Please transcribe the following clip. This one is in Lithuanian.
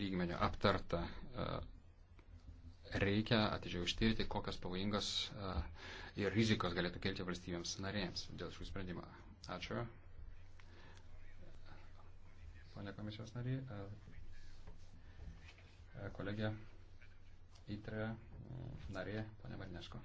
lygmenių aptarta. E, reikia atidžiau ištirti, kokios pavojingos e, ir rizikos galėtų kelti valstybėms narėms dėl šių sprendimų. Ačiū. Pone komisijos nariai, e, kolegė, įtrė, narė, pone Varnesko.